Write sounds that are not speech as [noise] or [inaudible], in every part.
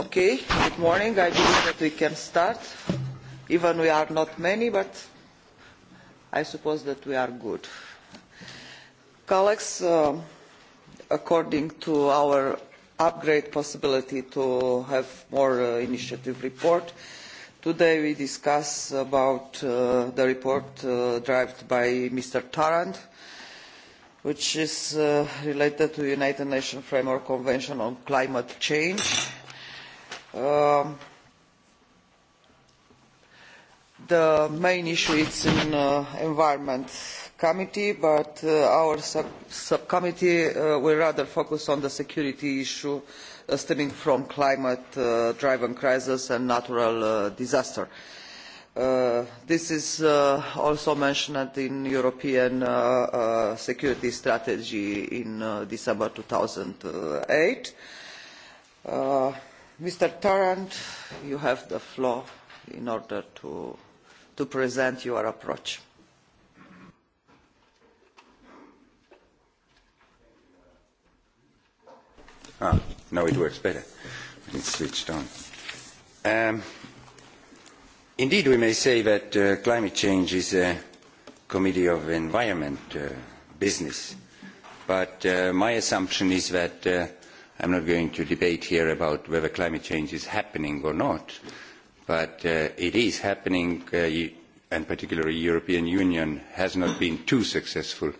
Okay, good morning. I believe that we can start, even we are not many, but I suppose that we are good. Colleagues, um, according to our upgrade possibility to have more uh, initiative report, today we discuss about uh, the report uh, drafted by Mr. Tarrant, which is uh, related to United Nations Framework Convention on Climate Change Uh, the main issue is in uh, environment committee, but uh, our sub subcommittee uh, will rather focus on the security issue uh, stemming from climate-driven uh, crisis and natural uh, disaster. Uh, this is uh, also mentioned in European uh, uh, security strategy in uh, December 2008. Uh, Mr. Tarrant, you have the floor in order to, to present your approach. Ah, now it works better when it's switched on. Um, indeed, we may say that uh, climate change is a Committee of Environment uh, business, but uh, my assumption is that uh, I'm not going to debate here about whether climate change is happening or not, but uh, it is happening, uh, and particularly European Union has not been too successful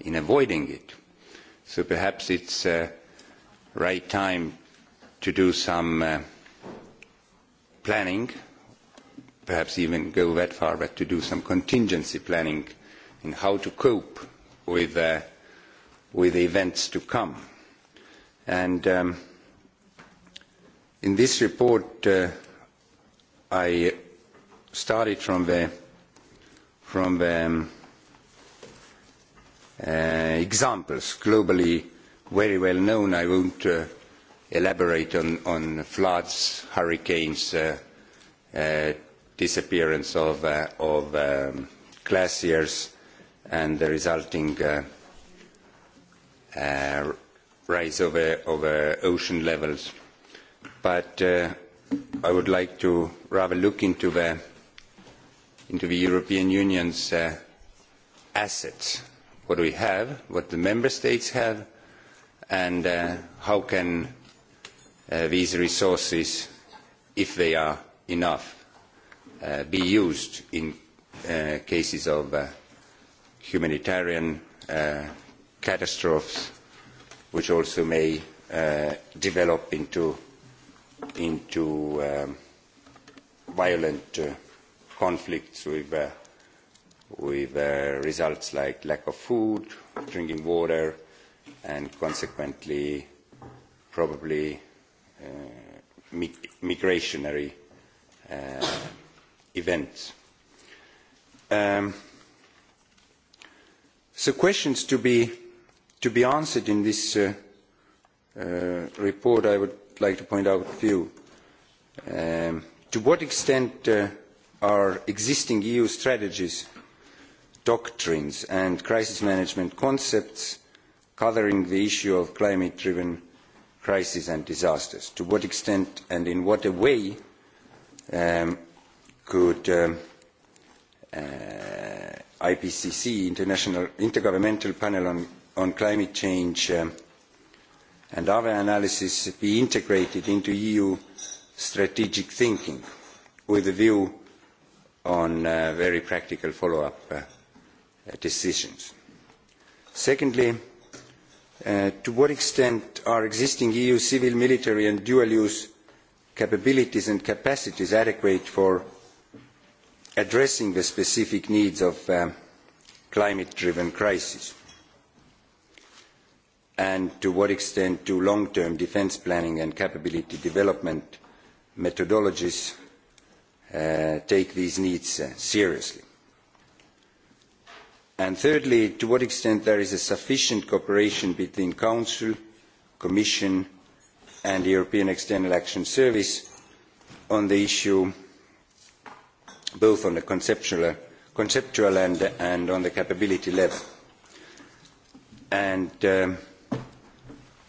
in avoiding it. So perhaps it's uh, right time to do some uh, planning, perhaps even go that far, but to do some contingency planning in how to cope with, uh, with events to come And um, in this report, uh, I started from the from the um, uh, examples globally very well known. I won't uh, elaborate on, on floods, hurricanes, uh, uh, disappearance of, uh, of um, glaciers, and the resulting uh, uh, rise of, uh, of uh, ocean levels. But uh, I would like to rather look into the, into the European Union's uh, assets, what we have, what the member states have, and uh, how can uh, these resources, if they are enough, uh, be used in uh, cases of uh, humanitarian uh, catastrophes which also may uh, develop into, into um, violent uh, conflicts with, uh, with uh, results like lack of food, drinking water, and consequently probably uh, mig migrationary uh, events. Um, so questions to be to be answered in this uh, uh, report, I would like to point out a few. Um, to what extent uh, are existing EU strategies, doctrines and crisis management concepts covering the issue of climate-driven crises and disasters? To what extent and in what a way um, could um, uh, IPCC, International Intergovernmental Panel on on climate change um, and our analysis be integrated into EU strategic thinking with a view on uh, very practical follow-up uh, decisions. Secondly, uh, to what extent are existing EU civil, military and dual-use capabilities and capacities adequate for addressing the specific needs of um, climate-driven crises? and to what extent do long-term defense planning and capability development methodologies uh, take these needs uh, seriously? And thirdly, to what extent there is a sufficient cooperation between Council, Commission and the European External Action Service on the issue both on the conceptual, uh, conceptual and, and on the capability level. And um, uh,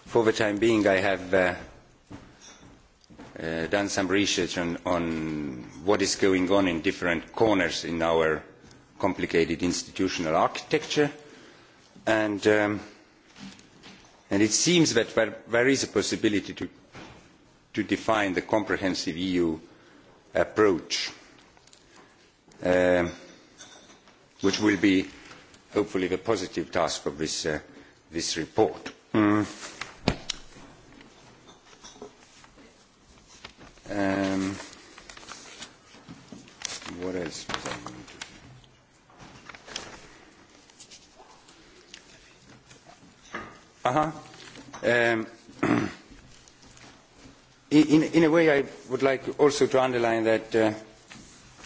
for the time being, I have uh, uh, done some research on, on what is going on in different corners in our complicated institutional architecture. And, um, and it seems that there, there is a possibility to, to define the comprehensive EU approach, uh, which will be hopefully the positive task of this, uh, this report. Mm Um, what else was I going to Uh-huh. Um, [clears throat] in, in a way, I would like also to underline that, uh,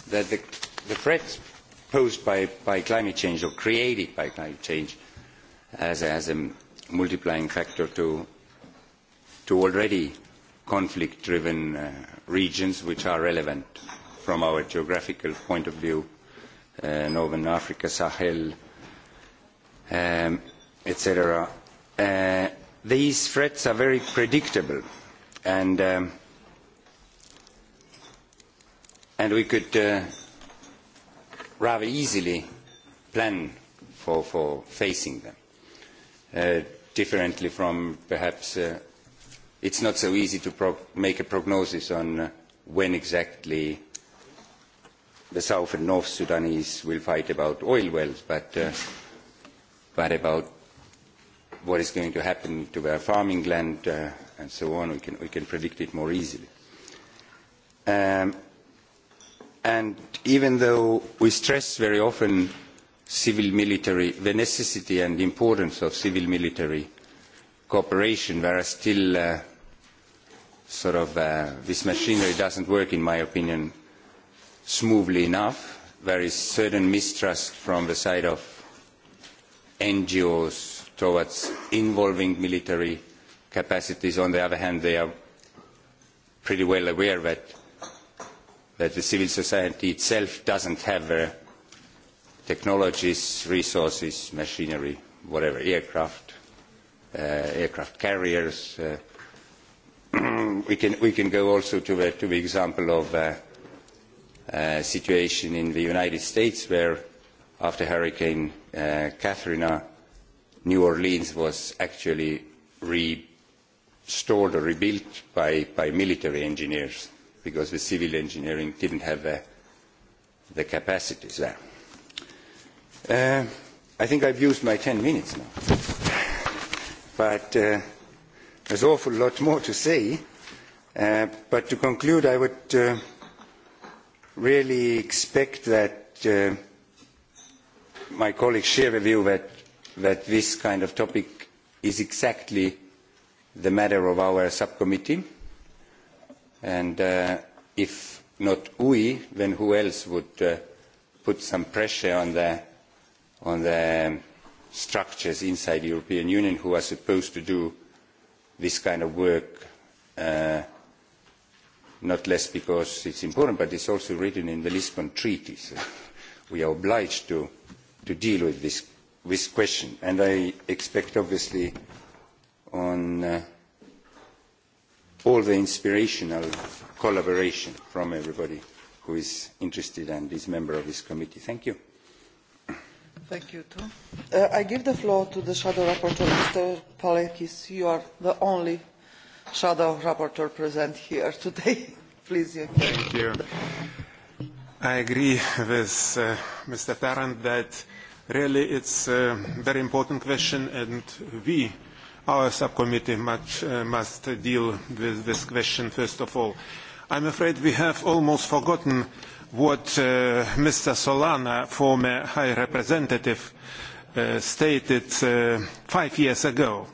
that the, the threats posed by, by climate change or created by climate change as, as a multiplying factor to, to already conflict-driven uh, regions which are relevant from our geographical point of view, uh, Northern Africa, Sahel, um, etc. Uh, these threats are very predictable and um, and we could uh, rather easily plan for, for facing them, uh, differently from perhaps uh, it's not so easy to pro make a prognosis on uh, when exactly the South and North Sudanese will fight about oil wells, but, uh, but about what is going to happen to their farming land uh, and so on, we can, we can predict it more easily. Um, and even though we stress very often civil military, the necessity and importance of civil military cooperation, there are still uh, sort of uh, this machinery doesn't work, in my opinion, smoothly enough. There is certain mistrust from the side of NGOs towards involving military capacities. On the other hand, they are pretty well aware that, that the civil society itself doesn't have the technologies, resources, machinery, whatever, aircraft, uh, aircraft carriers, uh, [clears throat] we can we can go also to the to the example of uh, uh, situation in the United States where after Hurricane uh, Katrina, New Orleans was actually restored or rebuilt by by military engineers because the civil engineering didn't have the, the capacities there. Uh, I think I've used my 10 minutes now, but. Uh, There's an awful lot more to say, uh, but to conclude, I would uh, really expect that uh, my colleagues share the view that, that this kind of topic is exactly the matter of our subcommittee. And uh, if not we, then who else would uh, put some pressure on the, on the structures inside the European Union who are supposed to do this kind of work, uh, not less because it's important, but it's also written in the Lisbon Treaty. So we are obliged to, to deal with this, this question. And I expect, obviously, on uh, all the inspirational collaboration from everybody who is interested and is member of this committee. Thank you. Thank you, too. Uh, I give the floor to the shadow rapporteur, Mr. Palekis. You are the only shadow rapporteur present here today. [laughs] Please, you can. Thank you. I agree with uh, Mr. Tarrant that really it's a very important question, and we, our subcommittee, much, uh, must deal with this question first of all. I'm afraid we have almost forgotten uh, what uh, Mr. Solana, former High Representative, uh, stated uh, five years ago.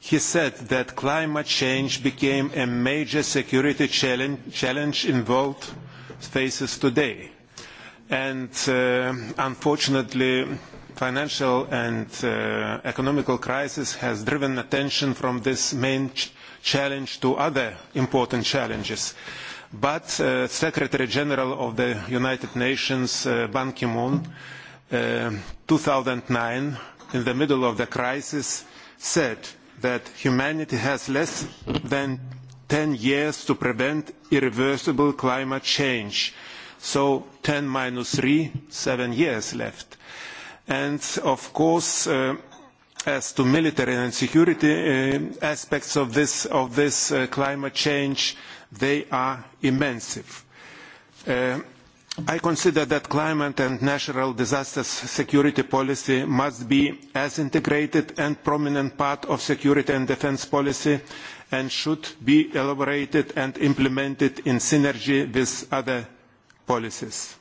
He said that climate change became a major security challenge, challenge in world faces today. And uh, unfortunately, financial and uh, economical crisis has driven attention from this main ch challenge to other important challenges. Uh, But uh, Secretary General of the United Nations, uh, Ban Ki-moon, uh, 2009, in the middle of the crisis, said that humanity has less than 10 years to prevent irreversible climate change. So 10 minus 3, 7 years left. And of course, uh, as to military and security uh, aspects of this, of this uh, climate change, they are immense. Uh, I consider that climate and natural disasters security policy must be as integrated and prominent part of security and defense policy and should be elaborated and implemented in synergy with other policies.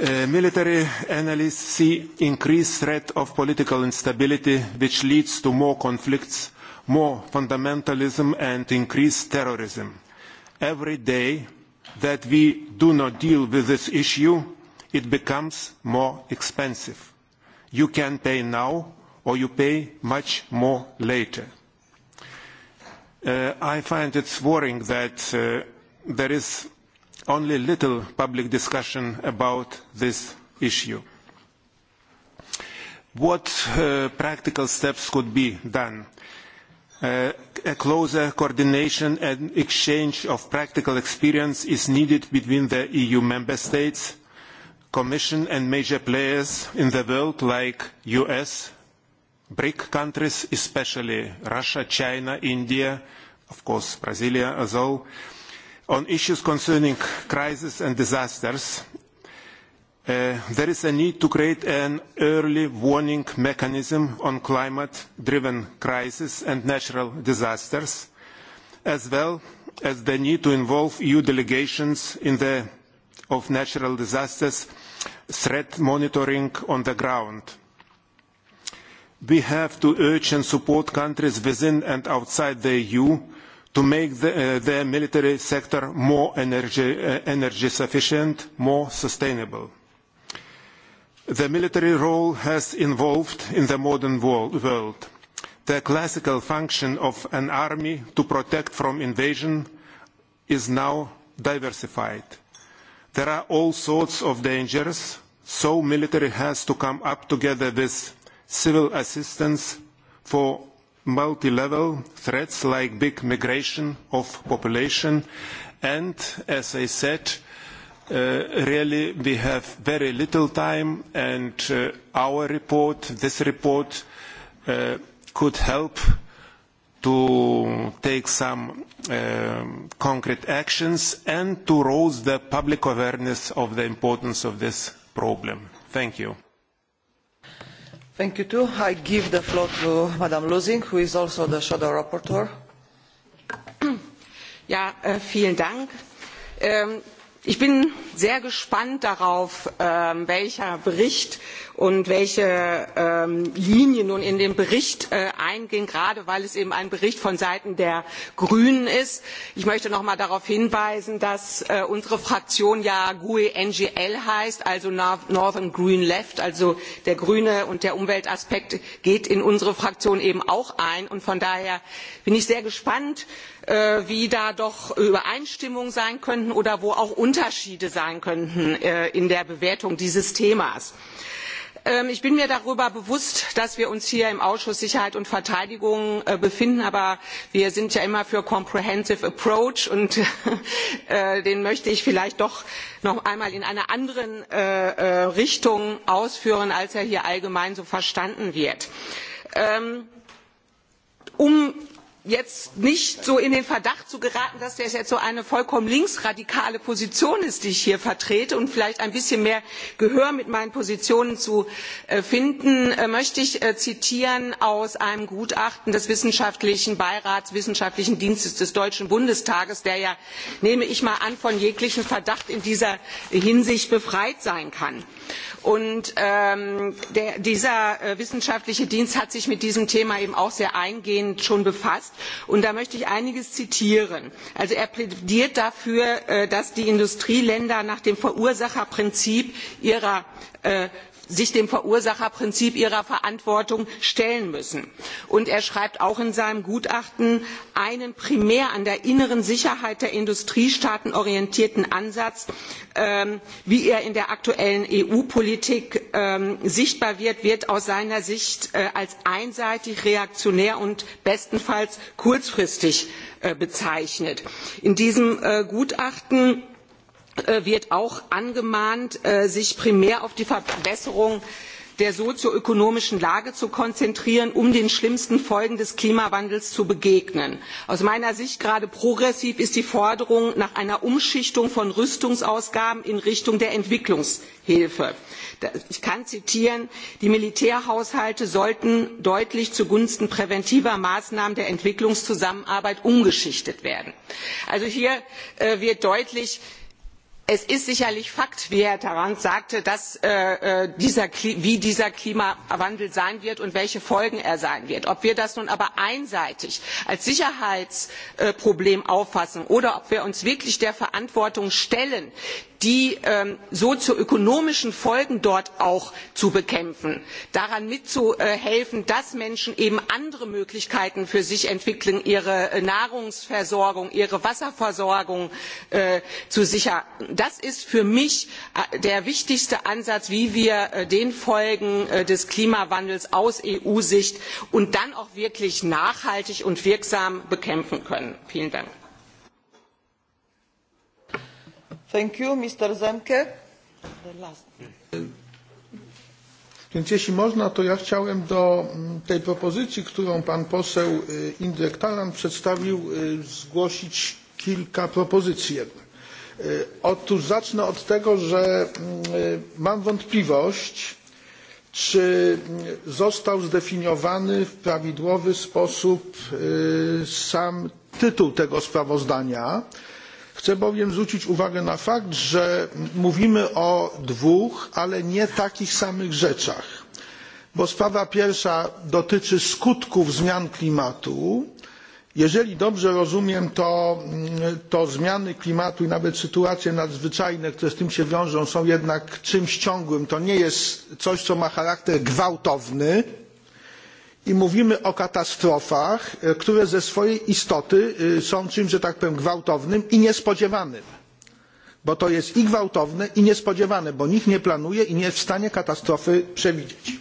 Uh, military analysts see increased threat of political instability which leads to more conflicts more fundamentalism and increased terrorism. Every day that we do not deal with this issue, it becomes more expensive. You can pay now or you pay much more later. Uh, I find it worrying that uh, there is only little public discussion about this issue. What uh, practical steps could be done? Uh, a closer coordination and exchange of practical experience is needed between the EU member states, Commission and major players in the world like US, BRIC countries, especially Russia, China, India, of course Brasilia as well, on issues concerning crisis and disasters Uh, there is a need to create an early warning mechanism on climate-driven crises and natural disasters, as well as the need to involve EU delegations in the of natural disasters threat monitoring on the ground. We have to urge and support countries within and outside the EU to make the, uh, the military sector more energy, uh, energy sufficient, more sustainable The military role has evolved in the modern world. The classical function of an army to protect from invasion is now diversified. There are all sorts of dangers, so military has to come up together with civil assistance for multi-level threats like big migration of population and, as I said, uh, Uh, really, we have very little time, and uh, our report, this report, uh, could help to take some um, concrete actions and to raise the public awareness of the importance of this problem. Thank you. Thank you too. I give the floor to Madame Lusing, who is also the shadow rapporteur. Ja, [clears throat] äh, uh, vielen Dank. Ähm, ich bin sehr gespannt darauf ähm, welcher bericht und welche ähm, linie nun in den bericht äh, eingehen gerade weil es eben ein bericht von seiten der grünen ist. ich möchte noch einmal darauf hinweisen dass äh, unsere fraktion ja gue ngl heißt also northern green left also der grüne und der umweltaspekt geht in unsere fraktion eben auch ein und von daher bin ich sehr gespannt Äh, wie da doch Übereinstimmungen sein könnten oder wo auch Unterschiede sein könnten äh, in der Bewertung dieses Themas. Ähm, ich bin mir darüber bewusst, dass wir uns hier im Ausschuss Sicherheit und Verteidigung äh, befinden, aber wir sind ja immer für Comprehensive Approach und [laughs] den möchte ich vielleicht doch noch einmal in einer anderen Richtung ausführen, als er hier allgemein so verstanden wird. Ähm, um jetzt nicht so in den Verdacht zu geraten, dass das jetzt so eine vollkommen linksradikale Position ist, die ich hier vertrete und vielleicht ein bisschen mehr Gehör mit meinen Positionen zu äh, finden, äh, möchte ich äh, zitieren aus einem Gutachten des Wissenschaftlichen Beirats, Wissenschaftlichen Dienstes des Deutschen Bundestages, der ja, nehme ich mal an, von jeglichem Verdacht in dieser Hinsicht befreit sein kann. Und ähm, der, dieser wissenschaftliche Dienst hat sich mit diesem Thema eben auch sehr eingehend schon befasst Und da möchte ich einiges zitieren. Also er plädiert dafür, äh, dass die Industrieländer nach dem Verursacherprinzip ihrer äh, sich dem verursacherprinzip ihrer verantwortung stellen müssen. und er schreibt auch in seinem gutachten einen primär an der inneren sicherheit der industriestaaten orientierten ansatz ähm, wie er in der aktuellen eu politik ähm, sichtbar wird wird aus seiner sicht äh, als einseitig reaktionär und bestenfalls kurzfristig äh, bezeichnet. in diesem äh, gutachten Äh, wird auch angemahnt, äh, sich primär auf die Verbesserung der sozioökonomischen Lage zu konzentrieren, um den schlimmsten Folgen des Klimawandels zu begegnen. Aus meiner Sicht gerade progressiv ist die Forderung nach einer Umschichtung von Rüstungsausgaben in Richtung der Entwicklungshilfe. Ich kann zitieren, die Militärhaushalte sollten deutlich zugunsten präventiver Maßnahmen der Entwicklungszusammenarbeit umgeschichtet werden. Also hier äh, wird deutlich, es ist sicherlich fakt wie herr tarand sagte dass, äh, äh dieser, wie dieser klimawandel sein wird und welche folgen er haben wird. ob wir das nun aber einseitig als sicherheitsproblem auffassen oder ob wir uns wirklich der verantwortung stellen die ähm, sozioökonomischen Folgen dort auch zu bekämpfen, daran mitzuhelfen, dass Menschen eben andere Möglichkeiten für sich entwickeln, ihre äh, Nahrungsversorgung, ihre Wasserversorgung äh, zu sichern. Das ist für mich äh, der wichtigste Ansatz, wie wir äh, den Folgen äh, des Klimawandels aus EU-Sicht und dann auch wirklich nachhaltig und wirksam bekämpfen können. Vielen Dank. Thank you, Mr. Zemke. The last. Więc jeśli można, to ja chciałem do mm, tej propozycji, którą pan poseł Indrek Taran przedstawił, zgłosić kilka propozycji jednak. Otóż zacznę od tego, że mm, mam wątpliwość, czy mm, został zdefiniowany w prawidłowy sposób sam tytuł tego sprawozdania. Yy, chcę bowiem zwrócić uwagę na fakt że mówimy o dwóch ale nie takich samych rzeczach bo sprawa pierwsza dotyczy skutków zmian klimatu jeżeli dobrze rozumiem to mm, zmiany klimatu i nawet sytuacje nadzwyczajne które z tym się wiążą są jednak czymś ciągłym to nie jest coś co ma charakter gwałtowny i mówimy o katastrofach e, które ze swojej istoty e, są czymś że tak powiem gwałtownym i niespodziewanym bo to jest i gwałtowne i niespodziewane bo nikt nie planuje i nie jest w stanie katastrofy przewidzieć.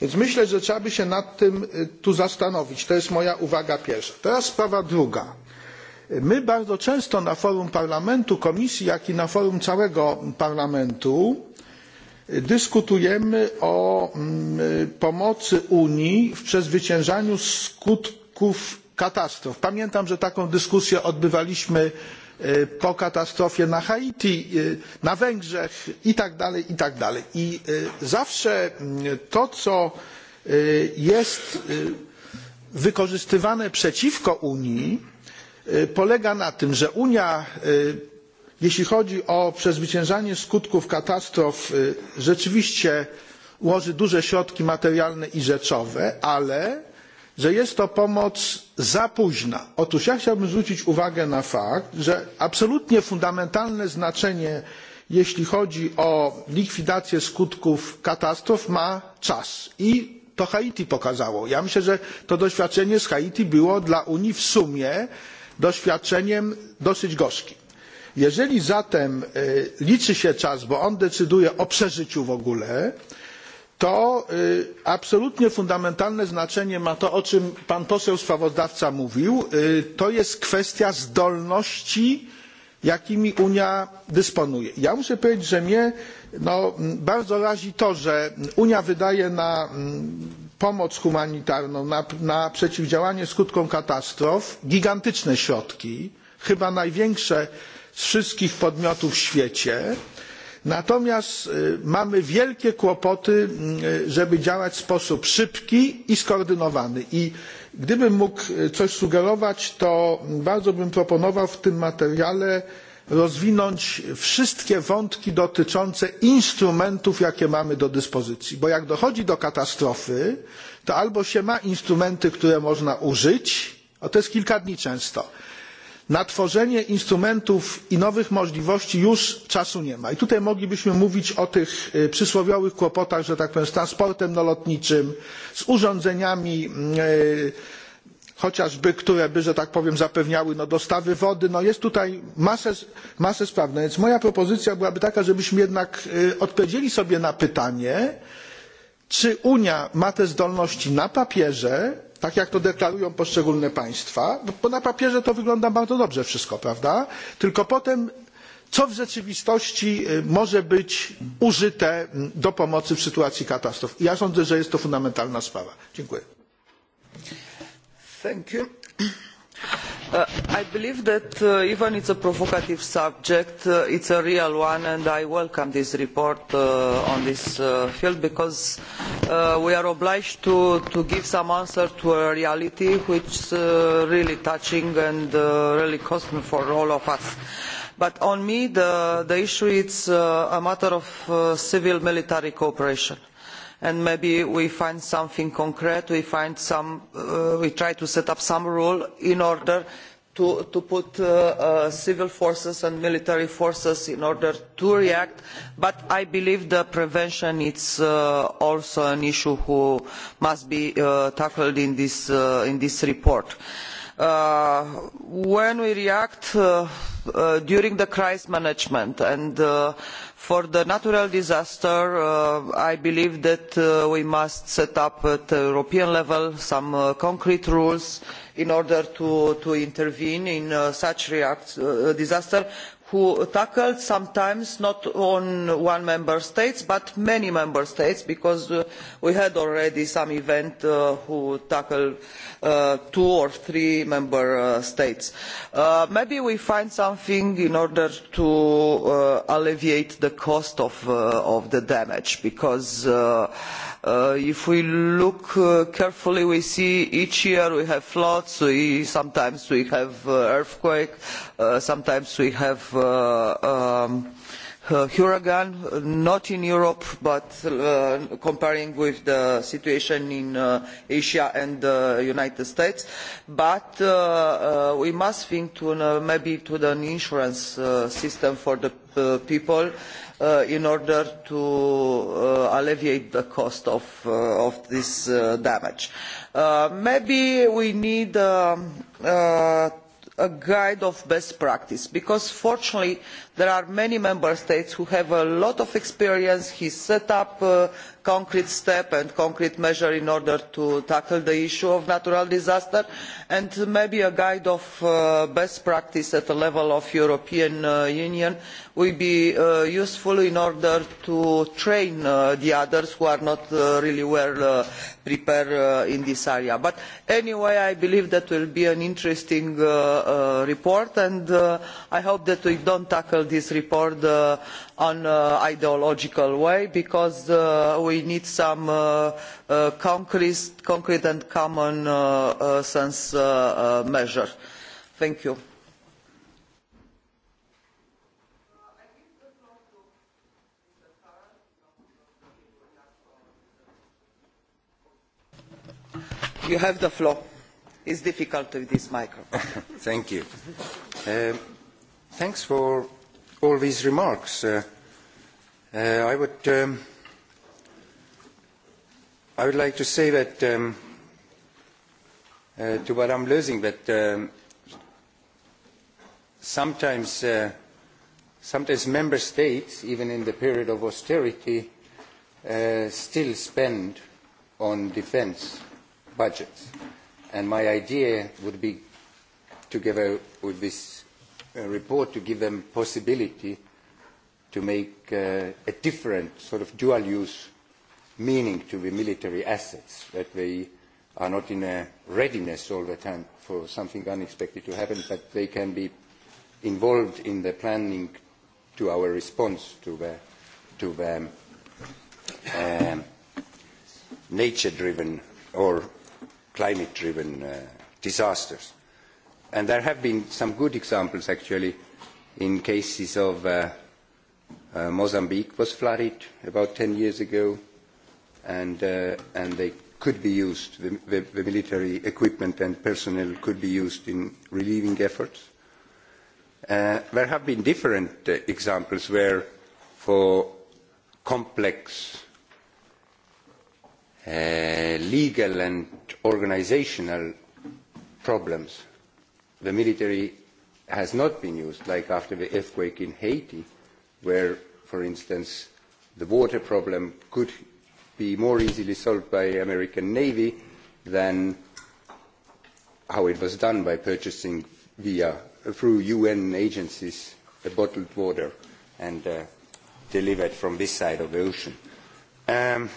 więc myślę że trzeba by się nad tym e, tu zastanowić. to jest moja uwaga pierwsza. teraz sprawa druga. my bardzo często na forum parlamentu komisji jak i na forum całego parlamentu dyskutujemy o mm, pomocy unii w przezwyciężaniu skutków katastrof. pamiętam że taką dyskusję odbywaliśmy e, po katastrofie na haiti e, na węgrzech itd. itd. i e, zawsze mm, to co jest wykorzystywane przeciwko unii polega na tym że unia jeśli chodzi o przezwyciężanie skutków katastrof rzeczywiście łoży duże środki materialne i rzeczowe ale że jest to pomoc za późna. otóż ja chciałbym zwrócić uwagę na fakt że absolutnie fundamentalne znaczenie jeśli chodzi o likwidację skutków katastrof ma czas i to haiti pokazało. ja myślę że to doświadczenie z haiti było dla unii w sumie doświadczeniem dosyć gorzkim. Jeżeli zatem e, liczy się czas, bo on decyduje o przeżyciu w ogóle, to e, absolutnie fundamentalne znaczenie ma to, o czym pan poseł sprawozdawca mówił, e, to jest kwestia zdolności, jakimi Unia dysponuje. Ja muszę powiedzieć, że mnie no, bardzo razi to, że Unia wydaje na mm, pomoc humanitarną, na, na przeciwdziałanie skutkom katastrof gigantyczne środki, chyba największe z wszystkich podmiotów w świecie natomiast mamy wielkie kłopoty żeby działać w sposób szybki i skoordynowany i gdybym mógł coś sugerować to bardzo bym proponował w tym materiale rozwinąć wszystkie wątki dotyczące instrumentów jakie mamy do dyspozycji bo jak dochodzi do katastrofy to albo się ma instrumenty których można użyć a to jest kilka dni często na tworzenie instrumentów i nowych możliwości już czasu nie ma i tutaj moglibyśmy mówić o tych przysłowiowych kłopotach że tak powiem z transportem lotniczym z urządzeniami chociażby które by że tak powiem zapewniały dostawy wody jest tutaj masę spraw. więc moja propozycja byłaby taka żebyśmy jednak odpowiedzieli sobie na pytanie czy unia ma te zdolności na papierze tak jak to deklarują poszczególne państwa, bo na papierze to wygląda bardzo dobrze wszystko, prawda? Tylko potem co w rzeczywistości może być użyte do pomocy w sytuacji katastrof. Ja sądzę, że jest to fundamentalna sprawa. Dziękuję. Thank you. Uh, i believe that uh, even though it is a provocative subject uh, it is a real one and i welcome this report uh, on this uh, field because uh, we are obliged to, to give some answer to a reality which is really touching and really costly for all of us. but for me the, the issue is a matter of civil military cooperation and maybe we find something concrete we find some uh, we try to set up some rule in order to, to put uh, uh, civil forces and military forces in order to react but i believe that prevention is uh, also an issue that must be uh, tackled in this, uh, in this report. Uh, when we react during the crisis management and for the natural disaster uh, i believe that uh, we must set up at european level some uh, concrete rules in order to, to intervene in uh, such a uh, disaster who tackled sometimes not only one member state but many member states because uh, we had already some events uh, which tackled uh, two or three member uh, states. Uh, maybe we can find something in order to uh, alleviate the cost of, of the damage because Uh, if we look uh, carefully we see each year we have floods we, sometimes we have uh, earthquakes uh, sometimes we have uh, um, uh, huracan uh, not in europe but uh, comparing with the situation in uh, asia and the united states but uh, uh, we must think to, maybe to an insurance system for the people in order to alleviate the cost of, of this damage. maybe we need um, a guide of best practice because fortunately there are many member states who have a lot of experience. he set up uh, concrete steps and concrete measures in order to tackle the issue of natural disasters and maybe a guide of uh, best practice at the level of the european uh, union will be uh, useful in order to train uh, the others who are not uh, really well prepared in this area. but anyway i believe that will be an interesting report and i hope that we do not tackle tackle this report in uh, an uh, ideological way because uh, we need some concrete and common sense measures. thank you. you have the floor. it's difficult with this microphone. [laughs] thank you. Um, thanks for all these remarks. Uh, uh, I would um, I would like to say that um, uh, to Madame Lösing that um, sometimes uh, sometimes member states, even in the period of austerity, uh, still spend on defence budgets. And my idea would be, together with this a report to give them possibility to make uh, a different sort of dual use meaning to the military assets, that they are not in a readiness all the time for something unexpected to happen, but they can be involved in the planning to our response to the, to the um, um nature-driven or climate-driven uh, disasters and there have been some good examples actually in cases of uh, uh, Mozambique was flooded about 10 years ago and, uh, and they could be used, the, the, the military equipment and personnel could be used in relieving efforts. Uh, there have been different uh, examples where for complex uh, legal and organizational problems the military has not been used, like after the earthquake in Haiti, where, for instance, the water problem could be more easily solved by American Navy than how it was done by purchasing via through UN agencies the bottled water and uh, delivered from this side of the ocean. Um,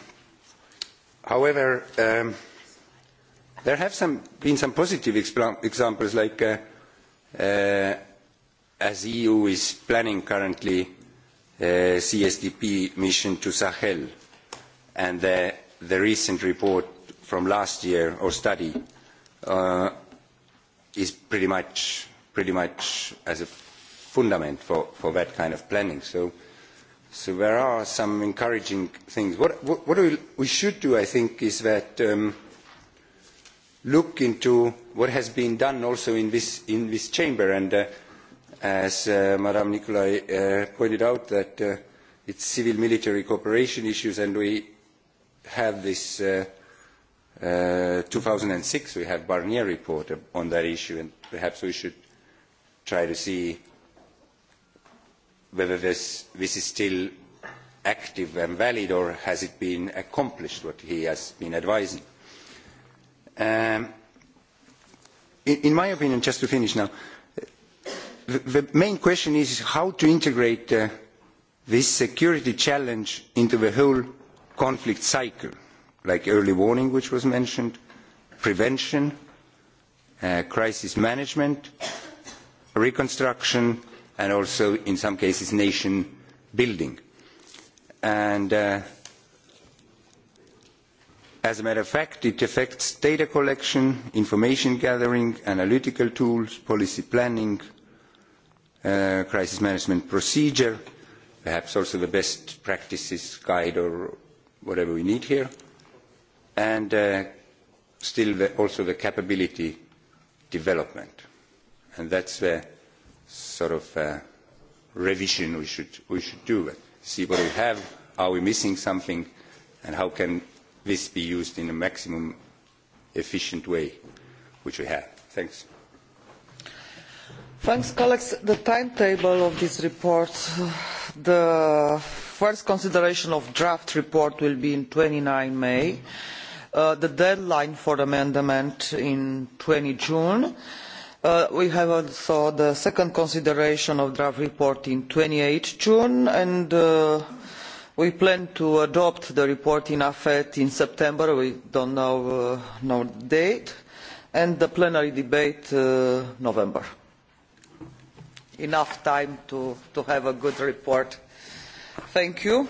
however, um, There have some, been some positive examples, like uh, uh, as EU is planning currently uh, CSDP mission to Sahel, and the, the recent report from last year or study uh, is pretty much pretty much as a fundament for, for that kind of planning. So, so there are some encouraging things. What, what, what we, we should do, I think, is that um, look into what has been done also in this, in this chamber. And uh, as uh, Madame Nicolai uh, pointed out, that uh, it's civil-military cooperation issues, and we have this uh, uh, 2006, we have Barnier report on that issue, and perhaps we should try to see whether this, this is still active and valid, or has it been accomplished, what he has been advising. Um, in, in my opinion, just to finish now, the, the main question is how to integrate uh, this security challenge into the whole conflict cycle, like early warning, which was mentioned, prevention, uh, crisis management, reconstruction, and also, in some cases, nation building. And uh, As a matter of fact, it affects data collection, information gathering, analytical tools, policy planning, uh, crisis management procedure, perhaps also the best practices guide or whatever we need here, and uh, still the, also the capability development. And that's the sort of uh, revision we should, we should do, see what we have, are we missing something, and how can this be used in a maximum efficient way, which we have. Thanks. Thanks, colleagues. The timetable of this report, the first consideration of draft report will be in 29 May. Uh, the deadline for amendment in 20 June. Uh, we have also the second consideration of draft report in 28 June and uh, we plan to adopt the report in afet in september we do not know uh, no date and the plenary debate uh, november enough time to, to have a good report thank you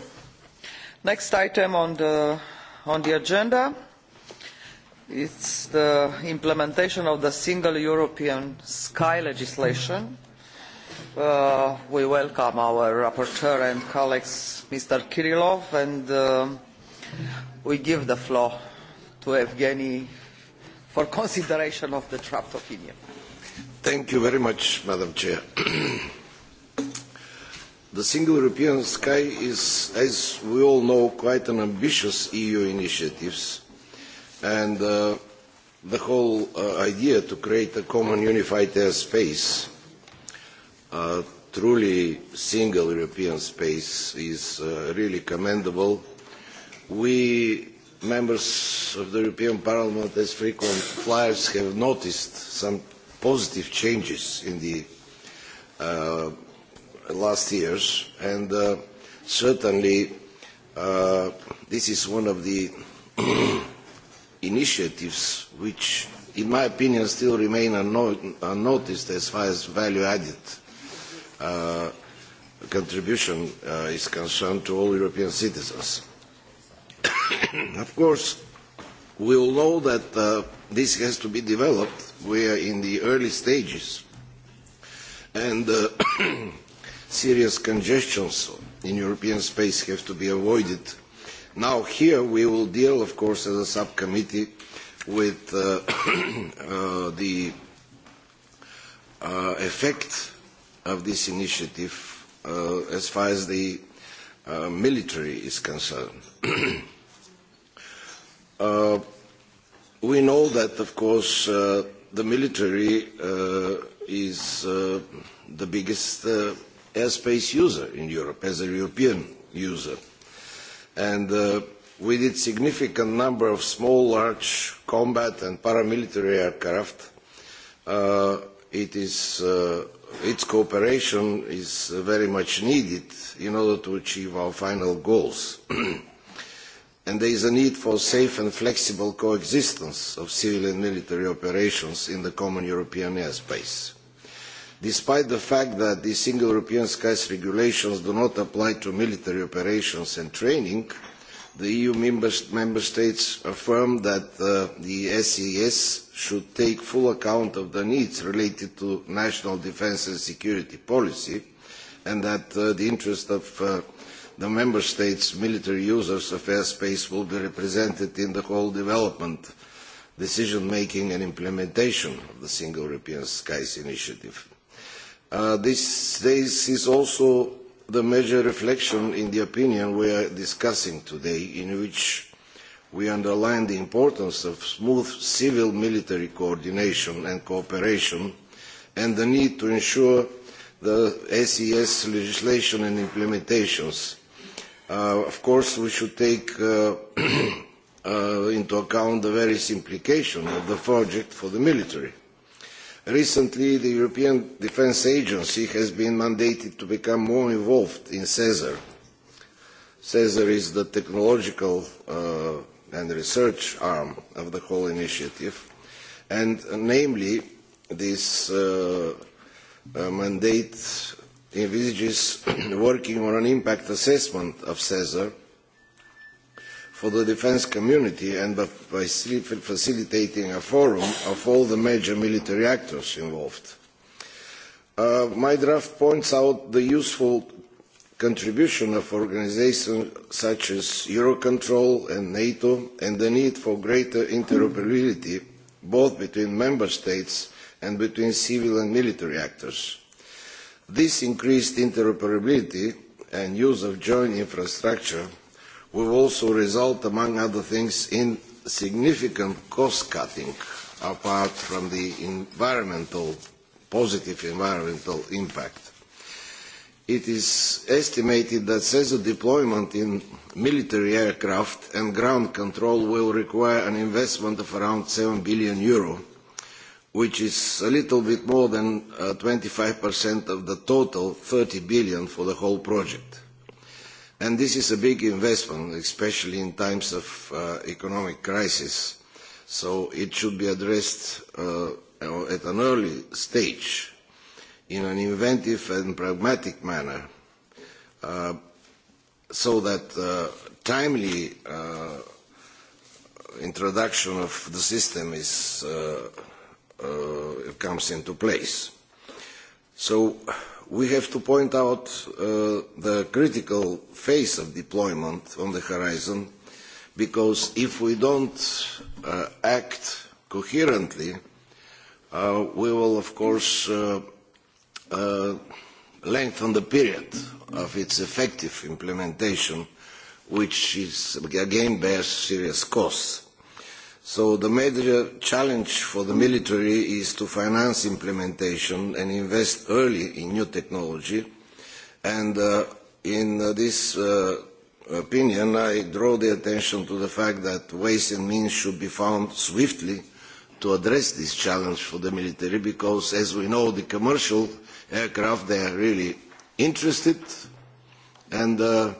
next item on the on the agenda is the implementation of the single european sky legislation Uh, we welcome our rapporteur and colleagues, Mr. Kirillov, and uh, we give the floor to Evgeny for consideration of the draft opinion. Thank you very much, Madam Chair. [clears throat] the Single European Sky is, as we all know, quite an ambitious EU initiative, and uh, the whole uh, idea to create a common unified airspace uh, truly single European space is uh, really commendable. We, members of the European Parliament, as frequent flyers, have noticed some positive changes in the uh, last years, and uh, certainly uh, this is one of the [clears throat] initiatives which, in my opinion, still remain unno unnoticed as far as value added uh, uh, contribution uh, is concerned to all European citizens. [coughs] of course, we all know that uh, this has to be developed. We are in the early stages, and uh, [coughs] serious congestions in European space have to be avoided. Now here we will deal, of course, as a subcommittee with uh, [coughs] uh, the uh, effect of this initiative uh, as far as the uh, military is concerned. [clears throat] uh, we know that, of course, uh, the military uh, is uh, the biggest uh, airspace user in Europe, as a European user. And uh, with its significant number of small, large combat and paramilitary aircraft, uh, it is uh, its cooperation is very much needed in order to achieve our final goals. [clears throat] and there is a need for safe and flexible coexistence of civil and military operations in the common European airspace. Despite the fact that the Single European Skies regulations do not apply to military operations and training, the EU member, member states affirm that uh, the SES e should take full account of the needs related to national defence and security policy and that uh, the interests of uh, the member states' military users of airspace will be represented in the whole development, decision-making and implementation of the Single European Skies Initiative. Uh, this, this is also the major reflection in the opinion we are discussing today, in which we underline the importance of smooth civil-military coordination and cooperation and the need to ensure the SES e legislation and implementations. Uh, of course, we should take uh, [clears throat] uh, into account the various implications of the project for the military. Recently, the European Defence Agency has been mandated to become more involved in CESAR. CESAR is the technological uh, and research arm of the whole initiative, and uh, namely this uh, uh, mandate envisages [clears throat] working on an impact assessment of CESAR for the defence community and by facilitating a forum of all the major military actors involved. Uh, my draft points out the useful contribution of organizations such as Eurocontrol and NATO and the need for greater interoperability both between member states and between civil and military actors. This increased interoperability and use of joint infrastructure will also result, among other things, in significant cost cutting apart from the environmental, positive environmental impact. It is estimated that CESU deployment in military aircraft and ground control will require an investment of around 7 billion euro, which is a little bit more than uh, 25% of the total 30 billion for the whole project. And this is a big investment, especially in times of uh, economic crisis. So it should be addressed uh, at an early stage in an inventive and pragmatic manner uh, so that uh, timely uh, introduction of the system is, uh, uh, comes into place. So we have to point out uh, the critical phase of deployment on the horizon because if we don't uh, act coherently, uh, we will of course uh, uh, lengthen the period of its effective implementation, which is again bears serious costs. So the major challenge for the military is to finance implementation and invest early in new technology. And uh, in uh, this uh, opinion, I draw the attention to the fact that ways and means should be found swiftly to address this challenge for the military because, as we know, the commercial uh, aircraft they are really interested and uh,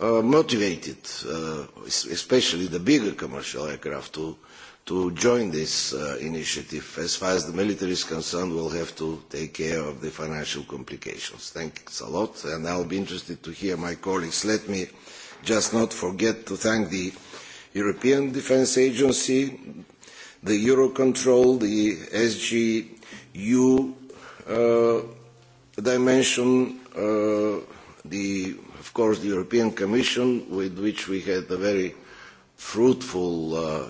uh, motivated, uh, especially the bigger commercial aircraft, to, to join this uh, initiative. As far as the military is concerned, we'll have to take care of the financial complications. Thanks a lot, and I'll be interested to hear my colleagues. Let me just not forget to thank the European Defence Agency, the Eurocontrol, the SGU, uh, dimension, uh, the, of course, the European Commission, with which we had a very fruitful uh,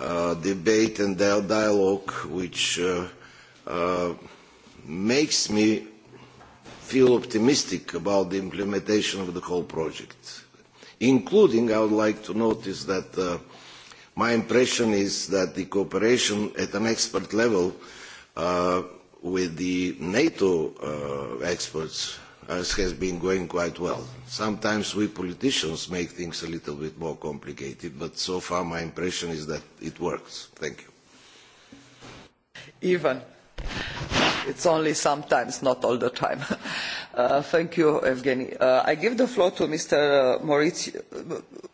uh, debate and dialogue, which uh, uh, makes me feel optimistic about the implementation of the whole project. Including, I would like to notice that uh, my impression is that the cooperation at an expert level uh, with the NATO uh, experts as has been going quite well. Sometimes we politicians make things a little bit more complicated, but so far my impression is that it works. Thank you. Ivan, it's only sometimes, not all the time. [laughs] Uh, thank you, Evgeny. Uh, I give the floor to Mr. Uh, Maurizio,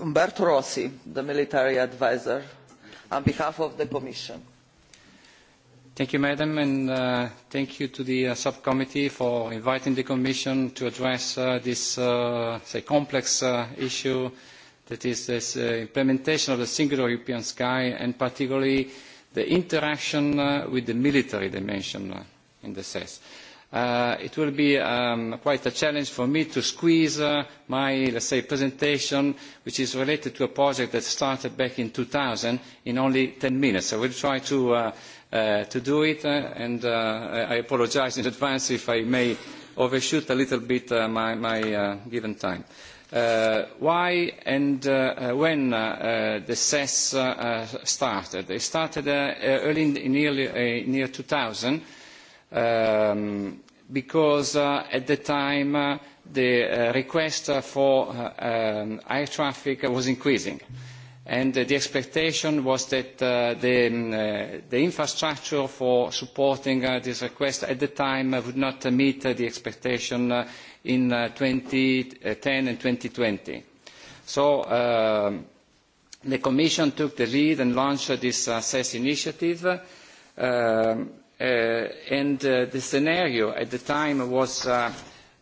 Umberto Rossi, the military advisor, on behalf of the Commission. Thank you, Madam, and uh, thank you to the uh, subcommittee for inviting the Commission to address uh, this uh, say complex uh, issue that is this uh, implementation of the single European sky and particularly the interaction uh, with the military dimension uh, in the CES. Uh, it will be um, quite a challenge for me to squeeze uh, my, let's say, presentation, which is related to a project that started back in 2000, in only 10 minutes. I will try to uh, uh, to do it, uh, and uh, I apologize in advance if I may overshoot a little bit uh, my, my uh, given time. Uh, why and uh, uh when uh, uh, the CES uh, uh, started? It started uh, early in, in early, uh, in year 2000 um, because uh, at the time uh, the uh, request for uh, um, air traffic was increasing. Mm-hmm and uh, the expectation was that uh, the, um, uh, the infrastructure for supporting uh, this request at the time uh, would not uh, meet uh, the expectation uh, in uh, 2010 uh, and 2020. So uh, the Commission took the lead and launched uh, this uh, CES initiative. Uh, uh, and uh, the scenario at the time was, uh,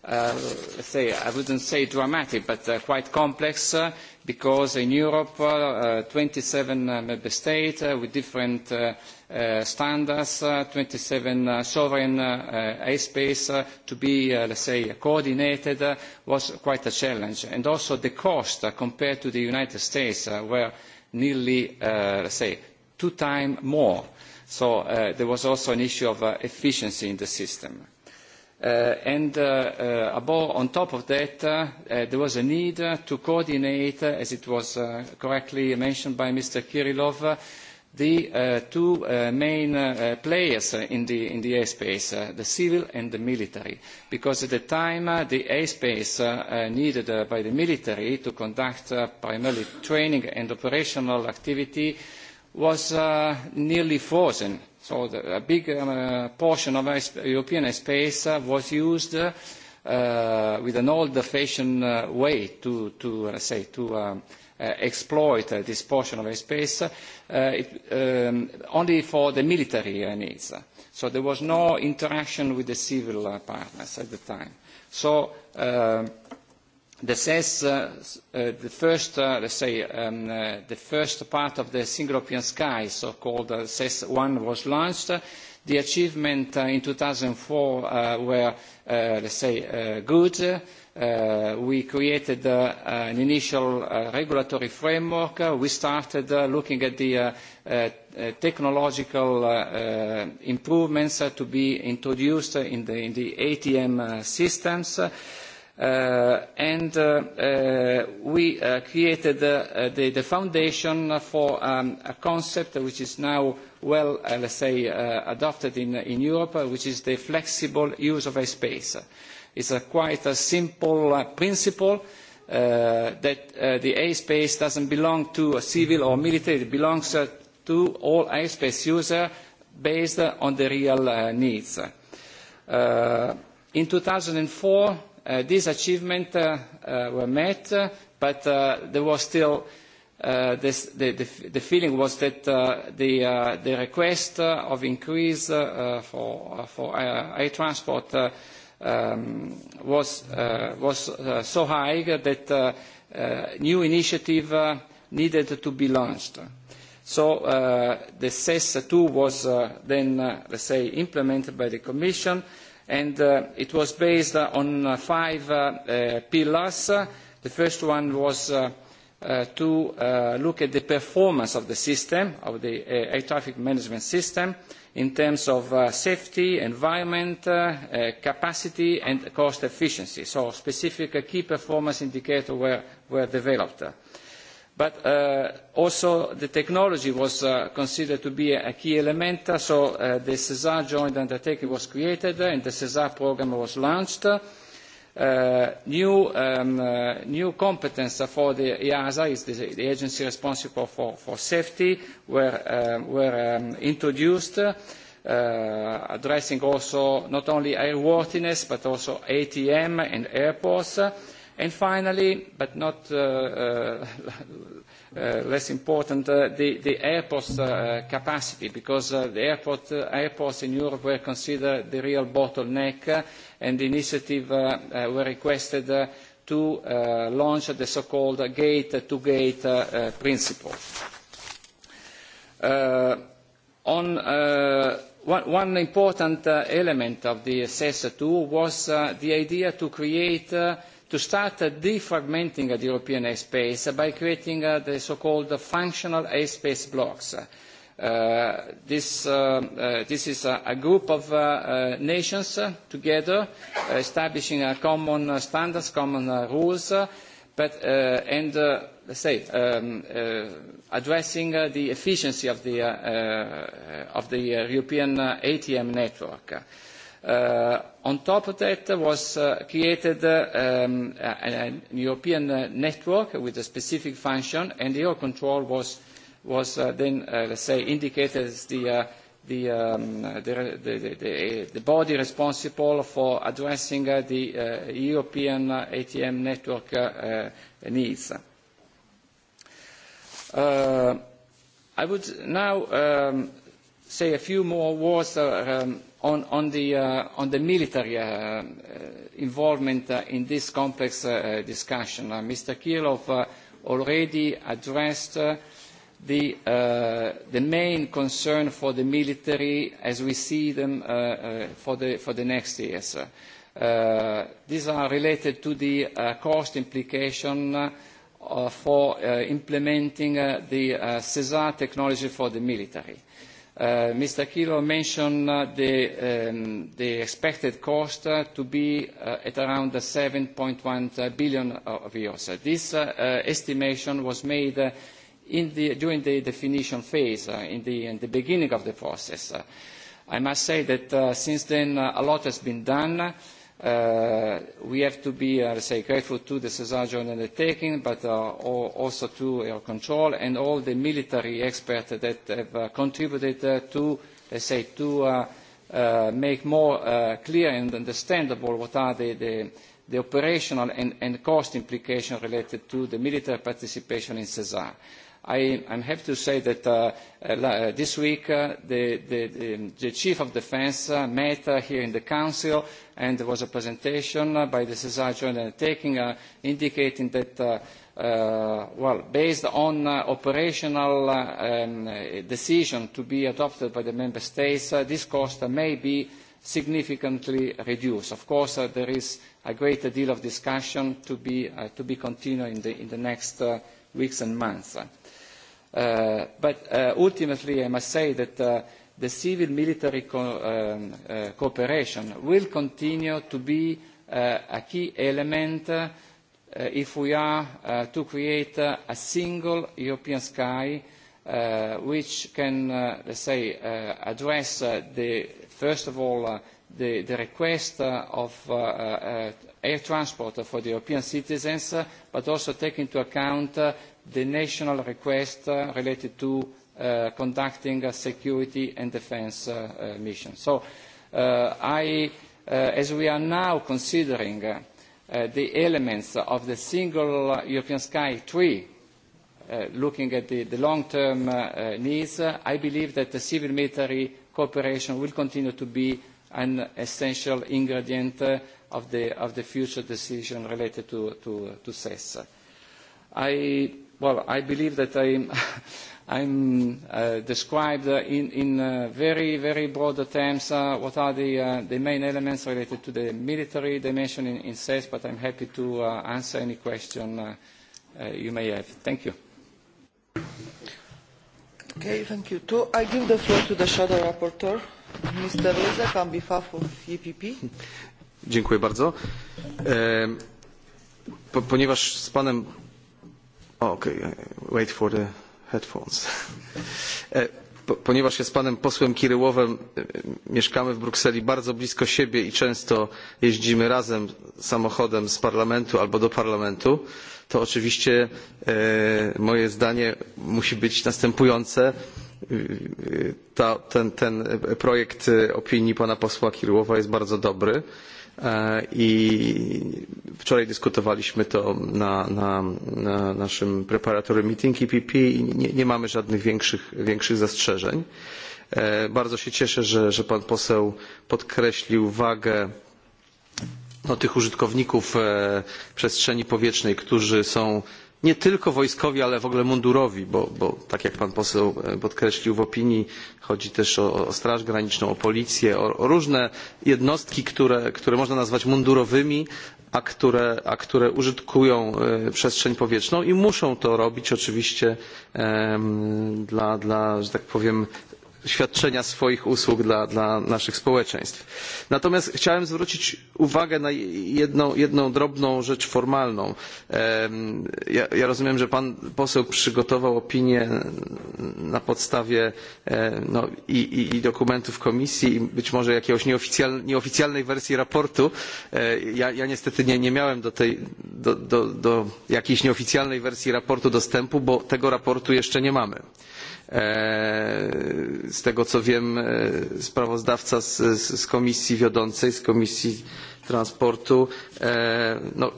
uh, let's say, I wouldn't say dramatic, but uh, quite complex. Uh, because in Europe, uh, 27 uh, uh, member states uh, with different uh, uh, standards, uh, 27 uh, sovereign uh, uh, airspace uh, to be, uh, let's say, coordinated uh, was quite a challenge. And also the cost uh, compared to the United States uh, were nearly, uh, let's say, two times more. So uh, there was also an issue of uh, efficiency in the system. Uh, and uh, uh, above, on top of that, uh, uh, there was a need uh, to coordinate, uh, as it was uh, correctly mentioned by Mr. Kirillov, uh, the uh, two uh, main uh, players in the, in the airspace, uh, the civil and the military, because at the time uh, the airspace uh, uh, needed uh, by the military to conduct uh, primarily training and operational activity was uh, nearly frozen. Uh, So the, a big um, uh, portion of European space uh, was used uh, with an old-fashioned uh, way to, to uh, say, to um, uh, exploit uh, this portion of space uh, it, um, only for the military uh, needs. So there was no interaction with the civil uh, partners at the time. So uh, This is uh, uh, the first, uh, let's say, um, uh, the first part of the Single European Sky, so-called uh, CES-1, was launched. The achievement uh, in 2004 uh, were, uh, let's say, uh, good. Uh, we created uh, an initial uh, regulatory framework. Uh, we started uh, looking at the uh, uh, uh technological uh, uh, improvements uh, to be introduced in the, in the ATM uh, systems. Uh, Uh, and uh, uh, we uh, created uh, the, the foundation for um, a concept which is now well, uh, let's say, uh, adopted in, in Europe, uh, which is the flexible use of a space. It's a quite a simple uh, principle uh, that uh, the airspace doesn't belong to a civil or military, it belongs uh, to all airspace users based on the real uh, needs. Uh, in 2004, Uh, these achievements uh, uh, were met, uh, but uh, there was still uh, this, the, the, the feeling was that uh, the, uh, the request uh, of increase uh, uh for, uh, for uh, air transport uh, um, was, uh, was uh, so high that uh, uh, new initiative uh, needed to be launched. So uh, the CES2 was uh, then, uh, let's say, implemented by the Commission uh, and uh, it was based uh, on uh, five uh, uh, pillars. The first one was uh, uh, to uh, look at the performance of the system, of the uh, air traffic management system, in terms of uh, safety, environment, uh, uh, capacity and cost efficiency. So specific uh, key performance indicators were, were developed. Uh, but uh, also the technology was uh, considered to be a key element, so uh, the CESAR joint undertaking was created and the CESAR program was launched. Uh, new, um, uh, new competence for the EASA, is the, the agency responsible for, for safety, were, uh, were um, introduced, uh, addressing also not only airworthiness but also ATM and airports. Uh, And finally, but not uh, uh, [laughs] uh less important, uh, the, the airport's uh, capacity, because uh, the airport, uh, airports in Europe were considered the real bottleneck, uh, and the initiative uh, uh, were requested uh, to uh, launch the so-called gate-to-gate uh, uh, principle. Uh, on uh, one, one important uh, element of the SES2 was uh, the idea to create uh, to start defragmenting the European airspace by creating uh, the so-called functional airspace blocks. Uh, this, uh, uh, this is a, a group of uh, uh, nations uh, together uh, establishing uh, common uh, standards, common uh, rules, uh, but, uh, and uh, let's say um, uh, addressing uh, the efficiency of the, uh, uh, of the uh, European uh, ATM network. Uh, Uh, on top of that was uh, created uh, um, an European uh, network with a specific function, and the Eurocontrol was, was uh, then, uh, let's say, indicated as the, uh, the, um, the, the, the, the body responsible for addressing uh, the uh, European uh, ATM network uh, uh, needs. Uh, I would now um, say a few more words uh, um, on, on, the, uh, on the military uh, uh involvement uh, in this complex uh, uh discussion. Uh, Mr. Kirillov uh, already addressed uh, the, uh, the main concern for the military as we see them uh, uh, for, the, for the next years. Uh, these are related to the uh, cost implication uh, uh, for uh, implementing uh, the uh, CESAR technology for the military. Uh, Uh, Mr. Kilo mentioned uh, the, um, the expected cost uh, to be uh, at around 7.1 uh, billion uh, euros. This estimation was made the, during the definition phase, in the, in the beginning of the process. I must say that since then, a lot has been done uh, we have to be, uh, say, grateful to the Cesargian undertaking, but uh, also to air control and all the military experts that have uh, contributed uh, to, let's say, to uh, uh, make more uh, clear and understandable what are the, the, the operational and, and cost implications related to the military participation in Cesar. I, I'm happy to say that uh, uh, uh this week uh, the, the, the, the Chief of Defense uh, met uh, here in the Council and there was a presentation by the CESAR Journal taking uh, indicating that uh, uh, well, based on uh, operational uh, um, decision to be adopted by the member states, uh, this cost uh, may be significantly reduced. Of course, uh, there is a great deal of discussion to be, uh, to be continued in the, in the next uh, weeks and months. Uh, but uh, ultimately, I must say that uh, the civil military co um, uh, cooperation will continue to be uh, a key element uh, if we are uh, to create uh, a single European sky uh, which can, uh, let's say, uh, address uh, the, first of all, uh, the, the request uh, of uh, uh, air transport for the European citizens, uh, but also take into account uh, the national request uh, related to uh, conducting a security and defense uh, uh, mission. So uh, I, uh, as we are now considering uh, uh, the elements of the single European Sky 3, uh, looking at the, the long-term uh, uh, needs, uh, I believe that the civil military cooperation will continue to be an essential ingredient uh, of, the, of the future decision related to, to, to CES. I, well, I believe that I [laughs] I'm uh, described uh, in, in uh, very, very broad terms uh, what are the, uh, the main elements related to the military dimension in, in CES, but I'm happy to uh, answer any question uh, uh, you may have. Thank you. Okay, thank you. To, I give the floor to the shadow rapporteur, Mr. Lezak, on behalf of EPP. [laughs] Dziękuję bardzo. E, po, ponieważ z panem... Oh, okay, wait for the headphones. E, ponieważ ja z panem posłem Kiryłowem e, mieszkamy w Brukseli bardzo blisko siebie i często jeździmy razem samochodem z parlamentu albo do parlamentu, to oczywiście e, moje zdanie musi być następujące. Ta, ten, ten projekt opinii pana posła Kiryłowa jest bardzo dobry. E, i wczoraj dyskutowaliśmy to na, na, na naszym preparatory meeting EPP i nie, nie mamy żadnych większych, większych zastrzeżeń. E, bardzo się cieszę, że, że pan poseł podkreślił wagę no, tych użytkowników e, przestrzeni powietrznej, którzy są nie tylko wojskowi, ale w ogóle mundurowi, bo, bo tak jak pan poseł e, podkreślił w opinii, chodzi też o, o Straż Graniczną, o policję, o, o różne jednostki, które, które można nazwać mundurowymi, a które, a które użytkują e, przestrzeń powietrzną i muszą to robić oczywiście dla, dla że tak powiem, świadczenia swoich usług dla, dla naszych społeczeństw. Natomiast chciałem zwrócić uwagę na jedną, jedną drobną rzecz formalną. Ja, ja rozumiem, że pan poseł przygotował opinię na podstawie e, no, i, i, i dokumentów komisji i być może jakiegoś nieoficjal, nieoficjalnej wersji raportu. E, ja, ja niestety nie, nie miałem do, tej, do, do, do jakiejś nieoficjalnej wersji raportu dostępu, bo tego raportu jeszcze nie mamy. E, z tego co wiem, e, sprawozdawca z, z komisji wiodącej, z komisji transportu e, no,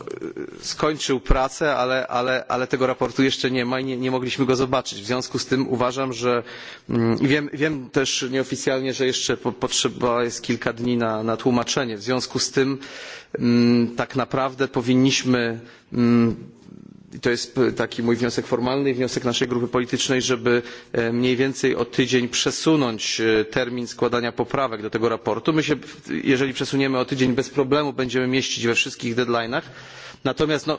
skończył pracę, ale, ale, ale tego raportu jeszcze nie ma i nie, nie mogliśmy go zobaczyć. W związku z tym uważam, że mm, wiem, wiem też nieoficjalnie, że jeszcze po, potrzeba jest kilka dni na, na tłumaczenie. W związku z tym mm, tak naprawdę powinniśmy mm, to jest taki mój wniosek formalny i wniosek naszej grupy politycznej żeby e, mniej więcej o tydzień przesunąć e, termin składania poprawek do tego sprawozdania. my się jeżeli przesuniemy o tydzień bez problemu będziemy mieścić we wszystkich deadline'ach natomiast no,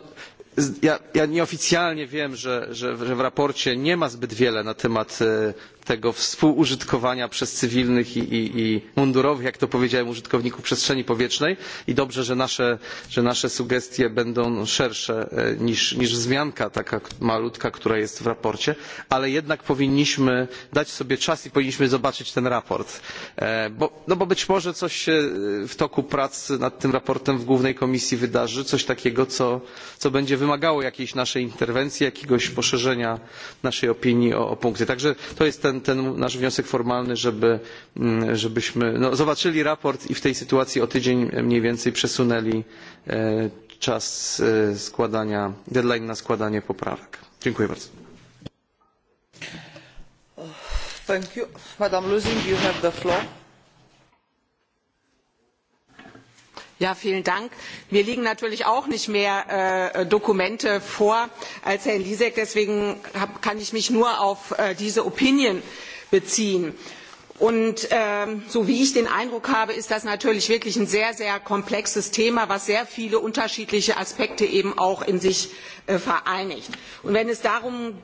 ja, ja nieoficjalnie wiem że, że, że w sprawozdaniu nie ma zbyt wiele na temat e, tego współużytkowania przez cywilnych i, i, i mundurowych, jak to powiedziałem, użytkowników przestrzeni powietrznej i dobrze, że nasze, że nasze sugestie będą szersze e, niż, niż wzmianka taka malutka, która jest w raporcie, ale jednak powinniśmy dać sobie czas i powinniśmy zobaczyć ten raport. E, bo, no bo być może coś się e, w toku prac nad tym raportem w Głównej Komisji wydarzy, coś takiego, co, co będzie wymagało jakiejś naszej interwencji, jakiegoś poszerzenia naszej opinii o, o punkty. Także to jest ten ten, ten nasz wniosek formalny, żeby, mm, żebyśmy no, zobaczyli raport i w tej sytuacji o tydzień mniej więcej przesunęli e, czas e, składania, deadline na składanie poprawek. Dziękuję bardzo. Thank you. Madam Losing, you have the floor. Ja, vielen Dank. Mir liegen natürlich auch nicht mehr äh, Dokumente vor als Herrn Lisek. Deswegen hab, kann ich mich nur auf äh, diese Opinion beziehen Und ähm, so wie ich den Eindruck habe, ist das natürlich wirklich ein sehr, sehr komplexes Thema, was sehr viele unterschiedliche Aspekte eben auch in sich äh, vereinigt. Und wenn es darum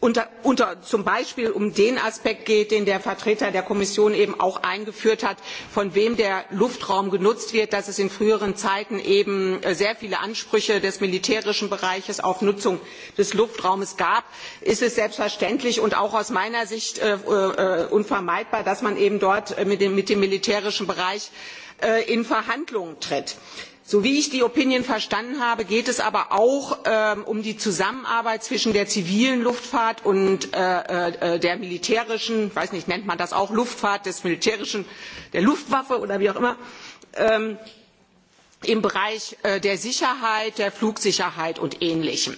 unter, unter, zum Beispiel um den Aspekt geht, den der Vertreter der Kommission eben auch eingeführt hat, von wem der Luftraum genutzt wird, dass es in früheren Zeiten eben äh, sehr viele Ansprüche des militärischen Bereiches auf Nutzung des Luftraumes gab, ist es selbstverständlich und auch aus meiner Sicht äh, äh, äh unvermeidbar, dass dass man eben dort äh, mit dem, mit dem militärischen Bereich äh, in Verhandlungen tritt. So wie ich die Opinion verstanden habe, geht es aber auch ähm, um die Zusammenarbeit zwischen der zivilen Luftfahrt und äh, äh, äh der militärischen, weiß nicht, nennt man das auch Luftfahrt des militärischen, der Luftwaffe oder wie auch immer, ähm, im Bereich äh, der Sicherheit, der Flugsicherheit und Ähnlichem. Äh,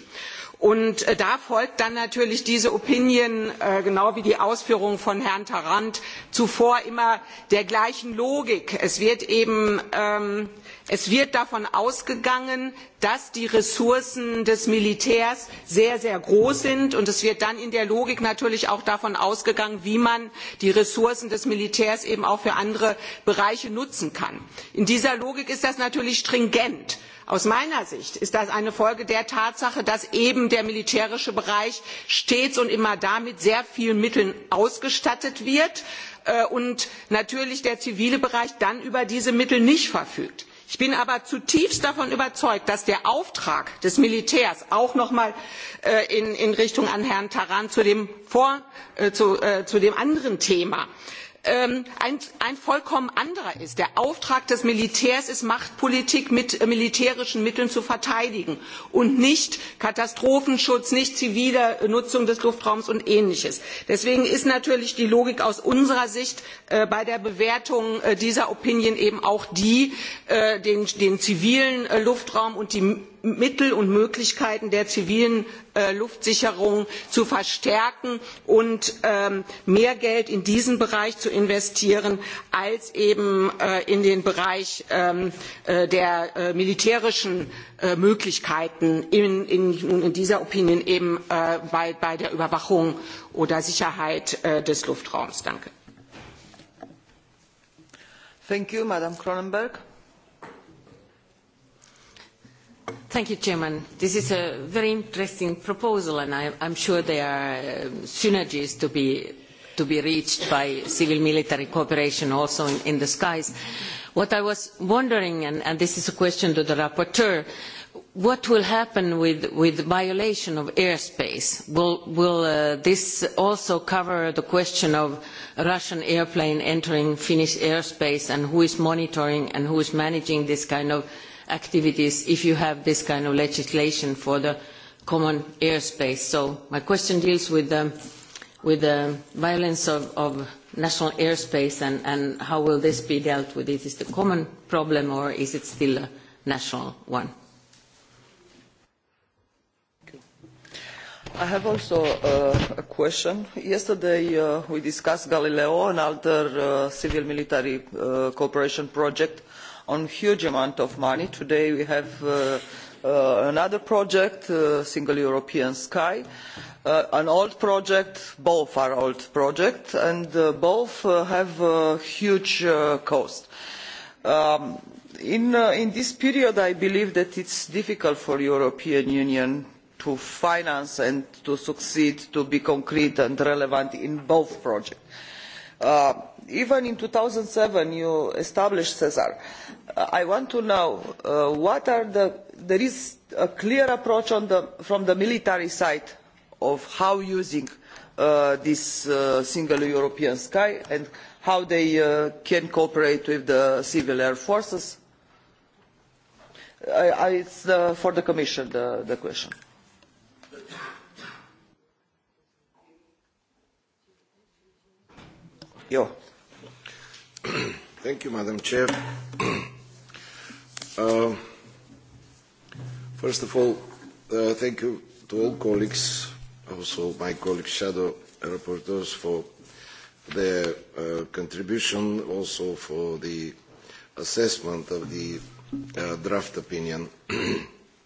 und äh, da folgt dann natürlich diese opinion äh, genau wie die ausführungen von herrn tarand zuvor immer der gleichen logik es wird eben ähm, es wird davon ausgegangen dass die ressourcen des militärs sehr sehr groß sind und es wird dann in der logik natürlich auch davon ausgegangen wie man die ressourcen des militärs eben auch für andere bereiche nutzen kann. in dieser logik ist das natürlich stringent. Aus meiner Sicht ist das eine Folge der Tatsache, dass eben der militärische Bereich stets und immer damit sehr vielen Mitteln ausgestattet wird äh, und natürlich der zivile Bereich dann über diese Mittel nicht verfügt. Ich bin aber zutiefst davon überzeugt, dass der Auftrag des Militärs auch noch mal äh, in, in Richtung an Herrn Taran zu dem, vor, äh, zu, äh, zu dem anderen Thema äh, ähm, ein, ein vollkommen anderer ist. Der Auftrag des Militärs ist, Machtpolitik mit äh, militärischen Mitteln zu verteidigen und nicht Katastrophenschutz, nicht zivile Nutzung des Luftraums und ähnliches. Deswegen ist natürlich die Logik aus unserer Sicht äh, bei der Bewertung äh, dieser Opinion eben auch die, äh, den, den zivilen äh, Luftraum und die Mittel und Möglichkeiten der zivilen äh, Luftsicherung zu verstärken und ähm, mehr Geld in diesen Bereich zu investieren als eben äh, in den Bereich ähm, äh, der äh, militärischen äh, Möglichkeiten in, in, in dieser Opinion eben äh, bei, bei der Überwachung oder Sicherheit äh, des Luftraums. Danke. Thank you, Madam Cronenberg. Thank you, Chairman. This is a very interesting proposal, and I, I'm sure there are uh, synergies to be to be reached by civil-military cooperation also in, in the skies. What I was wondering, and, and this is a question to the rapporteur, what will happen with, with violation of airspace? Will, will uh, this also cover the question of a Russian airplane entering Finnish airspace and who is monitoring and who is managing this kind of uh, activities if you have this kind of legislation for the common airspace. So my question deals with the, um, with the violence of, of national airspace and, and how will this be dealt with? Is it a common problem or is it still a national one? I have also uh, a question. Yesterday uh, we discussed Galileo, another uh, civil-military uh, cooperation project uh, on huge amount of money. Today we have uh, uh, another project, uh, Single European Sky, uh, an old project, both are old projects, and uh, both uh, have a huge uh, cost. Um, in, uh, in this period, I believe that it's difficult for European Union to finance and to succeed to be concrete and relevant in both projects Uh, even in two thousand and seven you established sesar. Uh, i want to know uh, what are the there is a clear approach the, from the military side of how using uh, this uh, single european sky and how they uh, can cooperate with the civil air forces. it is for the commission the, the question. Jó. Thank you, Madam Chair. Uh, first of all, uh, thank you to all colleagues, also my colleague shadow rapporteurs for their uh, contribution, also for the assessment of the uh, draft opinion.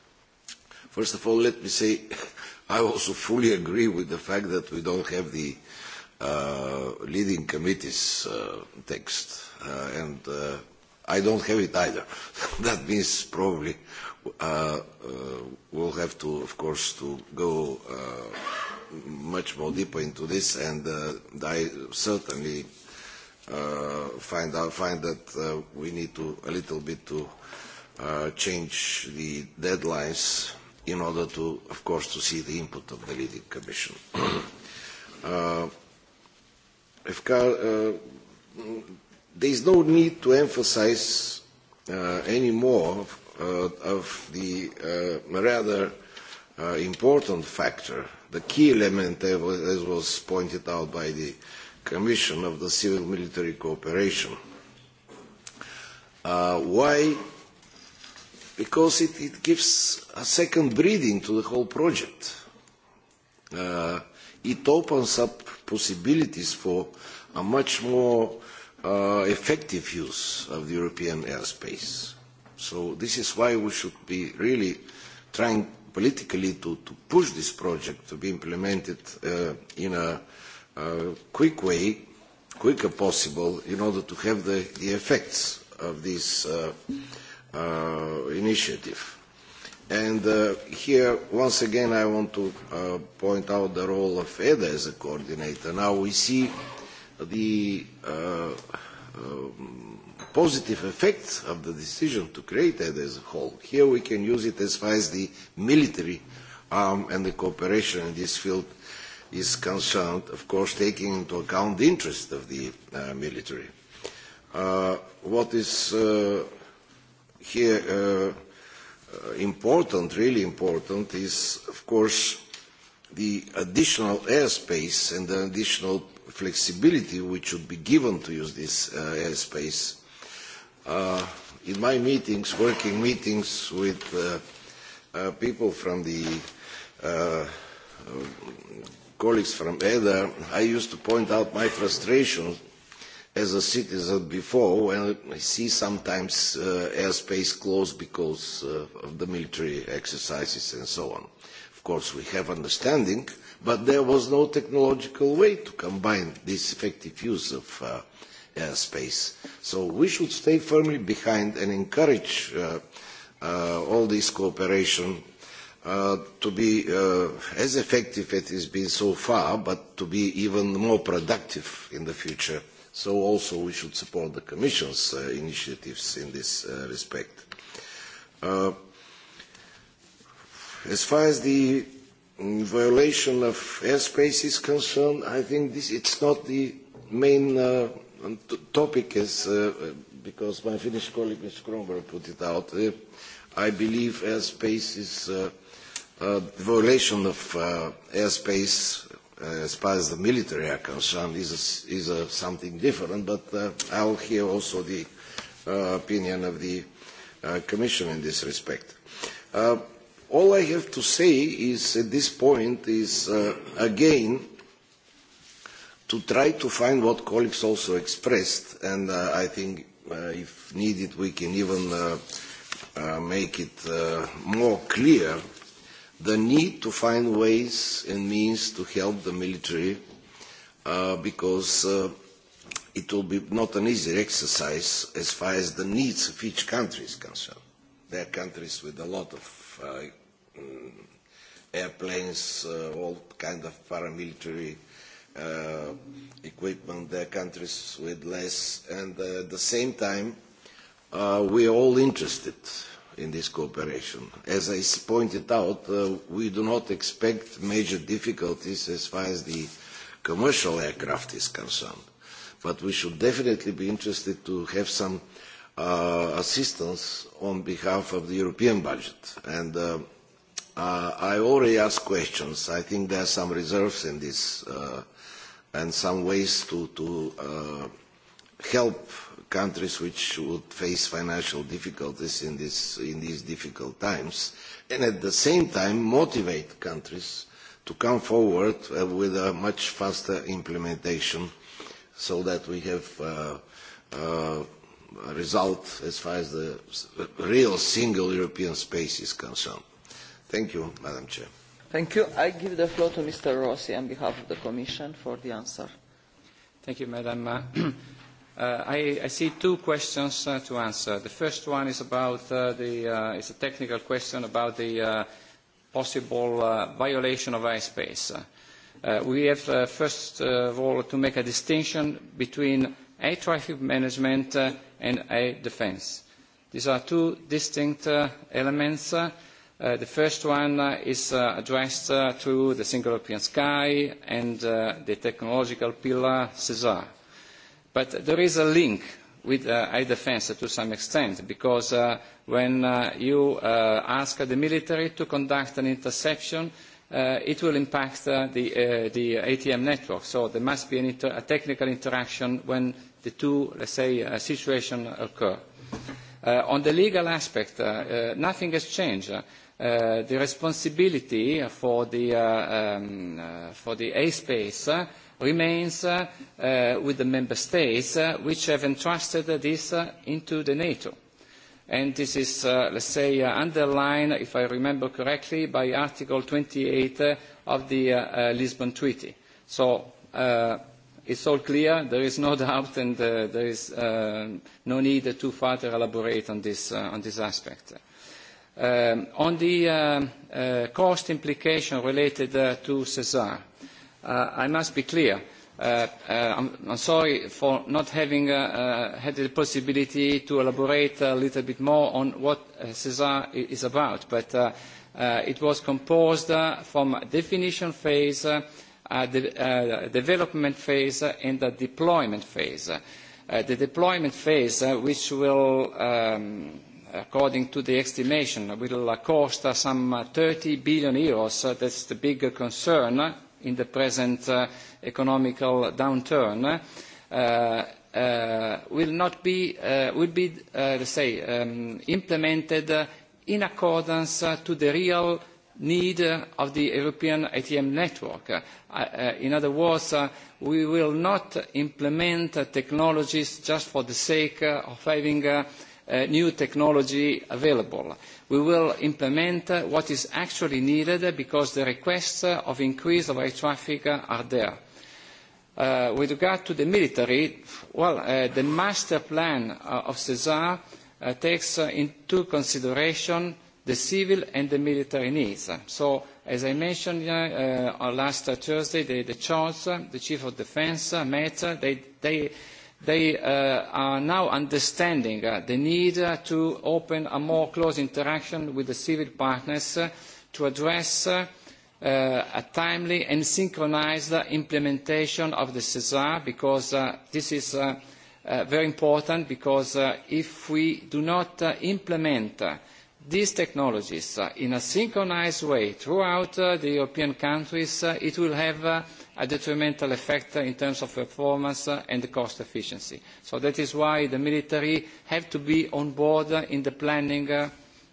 [clears throat] First of all, let me say [laughs] I also fully agree with the fact that we don't have the uh, leading committee's uh, text, uh, and uh, I don't have it either. [laughs] that means probably uh, uh, we'll have to, of course, to go uh, much more deeper into this, and uh, I certainly uh, find out find that uh, we need to a little bit to uh, change the deadlines in order to, of course, to see the input of the leading commission. [clears throat] uh, Efkar, uh, there is no need to emphasize uh, any more uh, of the uh, rather uh, important factor, the key element, as was pointed out by the Commission of the Civil Military Cooperation. Uh, why? Because it, it gives a second breathing to the whole project. Uh, it opens up possibilities for a much more uh, effective use of the European airspace. So this is why we should be really trying politically to, to push this project to be implemented uh, in a uh, quick way, quicker possible, in order to have the, the effects of this uh, uh, initiative. And uh, here, once again, I want to uh, point out the role of EDA as a coordinator. Now we see the uh, um, positive effects of the decision to create EDA as a whole. Here we can use it as far as the military arm and the cooperation in this field is concerned, of course, taking into account the interest of the uh, military. Uh, what is uh, here... Uh, Uh, important, really important, is of course the additional airspace and the additional flexibility which should be given to use this uh, airspace. Uh, in my meetings, working meetings with uh, uh, people from the uh, uh, colleagues from EDA, I used to point out my frustrations as a citizen before when I see sometimes uh, airspace closed because uh, of the military exercises and so on. Of course, we have understanding, but there was no technological way to combine this effective use of uh, airspace. So we should stay firmly behind and encourage uh, uh, all this cooperation uh, to be uh, as effective as it has been so far, but to be even more productive in the future So also we should support the Commission's uh, initiatives in this uh, respect. Uh, as far as the violation of airspace is concerned, I think this, it's not the main uh, topic as, uh, because my Finnish colleague Mr. Kronberg put it out. Uh, I believe airspace is uh, uh, the violation of uh, airspace uh, as far as the military are concerned is, a, is a something different, but uh, I'll hear also the uh, opinion of the uh, Commission in this respect. Uh, all I have to say is at this point is, uh, again, to try to find what colleagues also expressed, and uh, I think uh, if needed we can even uh, uh, make it uh, more clear the need to find ways and means to help the military uh, because uh, it will be not an easy exercise as far as the needs of each country is concerned. There are countries with a lot of uh, mm, airplanes, uh, all kind of paramilitary uh, equipment. There are countries with less. And uh, at the same time, uh, we are all interested in this cooperation. As I pointed out, uh, we do not expect major difficulties as far as the commercial aircraft is concerned, but we should definitely be interested to have some uh, assistance on behalf of the European budget. And uh, uh, I already asked questions. I think there are some reserves in this uh, and some ways to, to uh, help uh, countries which would face financial difficulties in, this, in these difficult times, and at the same time motivate countries to come forward uh, with a much faster implementation so that we have uh, uh, a result as far as the real single European space is concerned. Thank you, Madam Chair. Thank you. I give the floor to Mr. Rossi on behalf of the Commission for the answer. Thank you, Madam. Uh, [clears throat] Uh, I, I see two questions uh, to answer. The first one is about uh, the, uh, it's a technical question about the uh, possible uh, violation of airspace. Uh, we have, uh, first of all, to make a distinction between air traffic management uh, and air defense. These are two distinct uh, elements. Uh, Uh, the first one uh, is uh, addressed uh, to the single European sky and uh, the technological pillar CESAR. But there is a link with uh, iDefense to some extent, because uh, when uh, you uh, ask the military to conduct an interception, uh, it will impact uh, the, uh, the ATM network. So there must be an inter a technical interaction when the two, let's say, uh, situations occur. Uh, on the legal aspect, uh, uh, nothing has changed. Uh, the responsibility for the, uh, um, uh, for the A space uh, remains uh, uh, with the member states uh, which have entrusted this uh, into the NATO. And this is, uh, let's say, uh, underlined, if I remember correctly, by Article 28 uh, of the uh, uh, Lisbon Treaty. So uh, it's all clear, there is no [laughs] doubt, and uh, there is uh, no need to further elaborate on this, uh, on this aspect. Uh, Um, on the um, uh, cost implication related uh, to Cesar, uh, I must be clear. Uh, uh, I'm, I'm sorry for not having uh, uh, had the possibility to elaborate a little bit more on what uh, CESAR is about, but uh, uh, it was composed uh, from definition phase, uh, uh, de uh, development phase, uh, and the deployment phase. Uh, the deployment phase, uh, which will um, according to the estimation, will cost uh, some 30 uh, billion euros. Uh, that's the big concern in the present uh, economical downturn uh, uh, will not be, uh, will be uh, say, um, implemented uh, in accordance uh, to the real need uh, of the European ATM network. Uh, uh, in other words, uh, we will not implement uh, technologies just for the sake uh, of having uh, uh, new technology available. Uh, we will implement what is actually needed because the requests of increase of air traffic are there. Uh, with regard to the military, well, uh, the master plan uh, of CESAR uh, takes uh, into consideration the civil and the military needs. So, as I mentioned uh, uh, last uh, Thursday, the, the CHOS, uh, the Chief of Defense, uh, met, uh, they, they they uh, are now understanding uh, the need uh, to open a more close interaction with the civil partners uh, to address uh, uh, a timely and synchronized uh, implementation of the CESAR because uh, this is uh, uh, very important because uh, if we do not uh, implement uh, these technologies uh, in a synchronized way throughout uh, the European countries, uh, it will have uh, a detrimental effect uh, in terms of performance uh, and cost efficiency. So that is why the military have to be on board uh, in the planning, uh,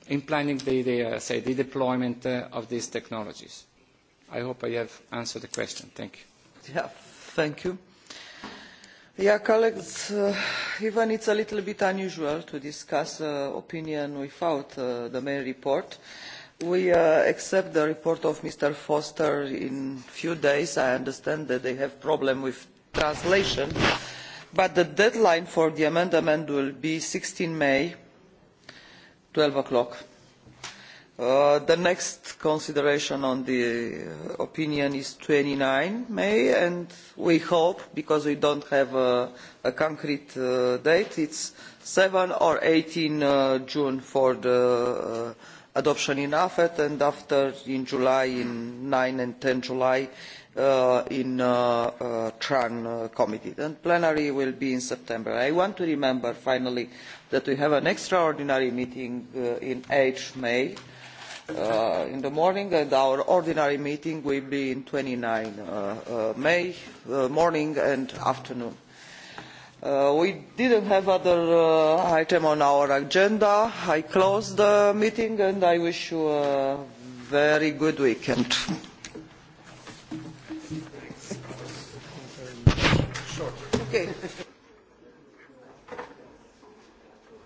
in planning the, the, uh, say, the deployment uh, of these technologies. I hope I have answered the question. Thank you. Yeah, thank you. Yeah, colleagues, uh, even it's a little bit unusual to discuss uh, opinion without uh, the main report. We uh, accept the report of Mr. Foster in few days. I understand that they have problem with translation, but the deadline for the amendment will be 16 May, 12 o'clock Uh, the next consideration on the opinion is 29 May, and we hope, because we don't have a, a concrete uh, date, it's 7 or 18 uh, June for the uh, adoption in AFET, and after in July, in 9 and 10 July, uh, in uh, uh, Tran uh, committee. And plenary will be in September. I want to remember finally that we have an extraordinary meeting uh, in 8 May uh, in the morning and our ordinary meeting will be in 29 uh, uh, May, uh, morning and afternoon. Uh, we didn't have other uh, item on our agenda. I close the meeting and I wish you a very good weekend.